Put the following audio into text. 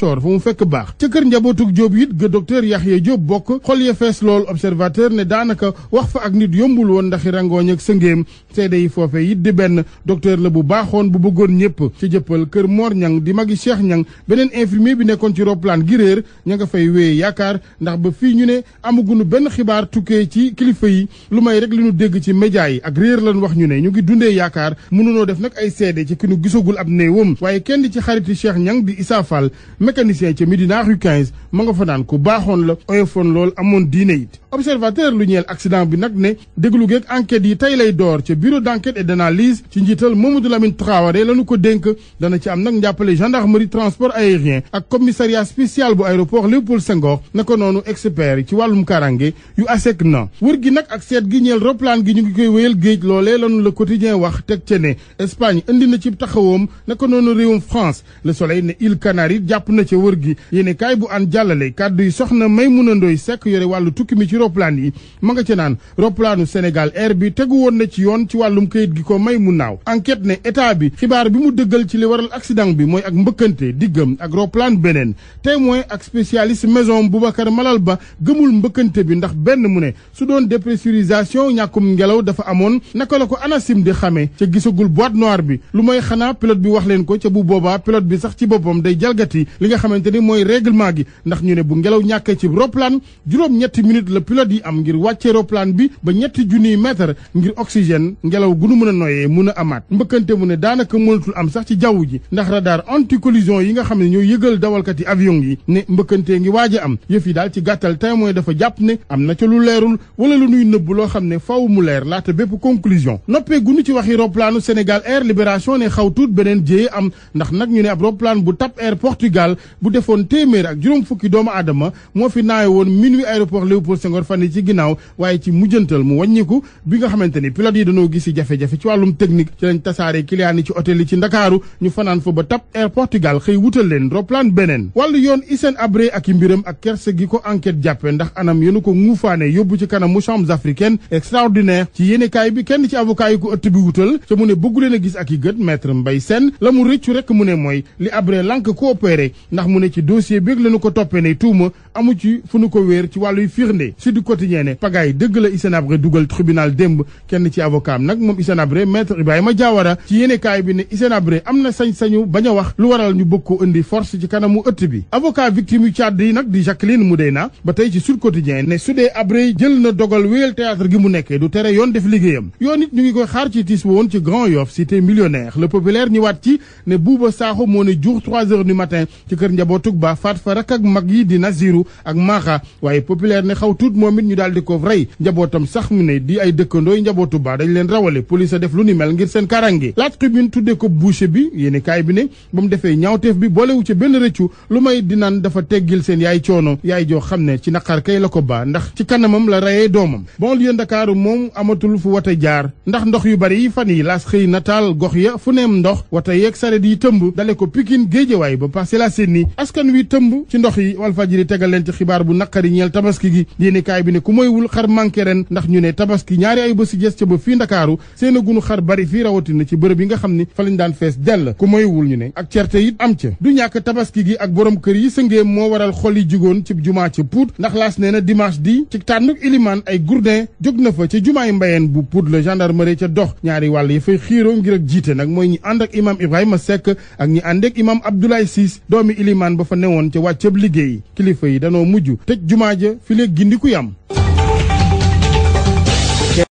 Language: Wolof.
coor fu mu fekk baax ca kër njabootug Jóob it ga docteur Yaxya Jóob bokk xol ya fees lool observateur ne daanaka wax fa ak nit yombul woon ndaxi rangooñ ak sëngéem seede yi foofe it di benn docteur la bu baaxoon bu bëggoon ñëpp ca jëppal kër Moor Ñang di magi Cheikh Ñang beneen infirmier bi nekkoon ci roplaan gi réer ña nga fay wéye yaakaar ndax ba fii ñu ne amagunu benn xibaar tukkee ci kilifa yi lu may rek li ñu dégg ci média yi ak réer lan wax ñu ne ñu ngi dundee yaakaar mënunoo def nag ay seede ci gisagul ab néewam waaye kenn ci xariti Cheikh Ñang di Issa mécanicien ci Médina rue 15 ma nga fa naan ku baaxoon la oyofoon lool amoon diine it observateur lu ñeel accident bi nag ne déglu geeg enquête yi tey lay door ca bureau d'enquête enquête et d' analyse ci njiital Mamadou Lamine Traoré lañu ko dénk dana ci am nag njàppale gendarmerie transport aérien ak commissariat spécial bu aéroport Léopold Senghor ko noonu expert ci wàllum karange yu asek na wër gi nag ak seet gi ñeel roplaan gi ñu ngi koy wéyal géej loolee le quotidien wax teg ca ne Espagne indi na ci taxawoom ko noonu réewum France le soleil ne il canari jàpp na ca wër gi yéene kaay bu an jàllale kàddu yi soxna Maymuna Ndoy Seck yore wàllu tukki mi ci roplaan yi ma nga ca naan roplaanu Sénégal air bi tegu woon na ci yoon ci wàllum kayit gi ko may mu naaw enquête ne état bi xibaar bi mu dëggal ci li waral accident bi mooy ak mbëkkante diggam ak roplaan beneen témoin ak spécialiste maison Boubacar Malal Ba gëmul mbëkkante bi ndax benn mu ne su doon dépressurisation ñàkkum ngelaw dafa amoon naka la ko ANACIM di xamee ca gisagul boîte noire bi lu may xanaa pilote bi wax leen ko ca bu boobaa pilote bi sax ci boppam day jalgati nga xamante ni mooy règlement gi ndax ñu ne bu ngelaw ñàkkee ci roplaan juróom ñetti minutes la pilote yi am ngir wàccee roplaan bi ba ñetti junniy mètre ngir oxygène ngelaw gu nu mën a noyee mun a amaat mbëkkante mu ne daanaka mënatul am sax ci jaww ji ndax radar anti collision yi nga xam ne ñoo yëgal dawalkat yi avion yi ne mbëkkantee ngi waaj a am yëf yi daal ci gàttal témoin dafa jàpp ne am na ca lu leerul wala lu nuy nëbb loo xam ne faw mu leer laata bépp conclusion noppee gunu ci waxi roplaanu Sénégal Air Libération ne xaw tuut beneen jéye am ndax nag ñu Sénégal bu defoon téeméer ak juróom fukki doomu aadama moo fi naawe woon minuit aéroport Léopold Senghor fan yi ci ginnaaw waaye ci mujjantal mu wàññiku bi nga xamante ni pilote yi dañoo gis ci jafe-jafe ci wàllum technique ci lañ tasaare client yi ci hôtel yi ci Ndakaaru ñu fanaan fa ba TAP Air Portugal xëy wutal leen roplaan beneen wàllu yoon Hissène Habré ak i mbiram ak kerse gi ko enquête jàppe ndax anam yénu ko nguufaane yóbbu ci kanamu chambres africaines extraordinaire ci yéenekaay bi kenn ci avocat yi ko ëtt bi wutal ca mu ne bëggu leen gis ak i gët maître Mbaye la mu rëccu rek mu ne mooy li Habré lank coopéré ndax mu ne ci dossier bi la ñu ko toppee ne tuuma amu ci fu nu ko wéer ci wàlluy firnde su du quotidien ne pagaay dëgg la Hissène Habré dugal tribunal démb kenn ci avocat am nag moom Hissène Habré maître Ibrahima Diawara ci yéenekaay bi ne Hissène Habré am na sañ-sañu bañ a wax lu waral ñu bëgg ko indi force ci kanamu ëtt bi avocat victime yu Tchad yi nag di Jacqueline na ba tey ci Sud Quotidien ne su dee Habré jël na dogal wéyal théâtre gi mu nekkee du tere yoon def liggéeyam yoon it ñu ngi koy xaar ci tiis woon ci le populaire ñëwaat ci ne Bouba Sakho moo ne jour trois heures du matin kër njabootug ba faat fa rak ak mag yi di Naziru ak maaxa waaye populaire ne xaw tuut moom it ñu daal ko rey njabootam sax mu ne di ay dëkkandooy njabootu ba dañ leen rawale police a def lu ni mel ngir seen karange laaj tribune tuddee ko boucher bi yéeni kaay bi ne ba mu defee ñaawteef bi boolewu ca benn rëccu lu may dinaan dafa teggil seen yaay coono yaay joo xam ne ci naqar kay la ko baa ndax ci kanamam la rayee doomam banlieue Ndakaaru moom amatul fu wata jaar ndax ndox yu bari yi fan yi la xëy nataal gox ya fu neem ndox wata yi tëmb dale ko Pikine Géejawaay ba Parcelles Assainies askan wi tegal leen ci xibaar bu naqari ñeel tabaski gi yéeni kaay bi ne ku moywul xar manqué ren ndax ñu ne tabaski ñaari ay bési ges ca ba fii ndakaaru seen a gunu xar bari fii rawatina ci bërëb yi nga xam ni fa lañ daan fees dell ku moywul ñu ne ak certe it am ca du ñàkk tabaski gi ak boroom kër yi sëngee moo waral xol jigoon jugoon ci jumaa ca puut ndax laas nee na dimanche di ci tànnuk ilimaan ay gourdin jóg na fa ci jumaay mbayeen bu puut la gendarmerie ca dox ñaari wàll yi fay xiiroo ngir ak jiite nag mooy ñi ànd ak ibrahima seck ak ñi ànd ak imam abdoulaye siis doomi ilimaan ba fa newoon ca wàccëb liggéey danoo mujj tëj jumaa ja fi léeg gindiku yam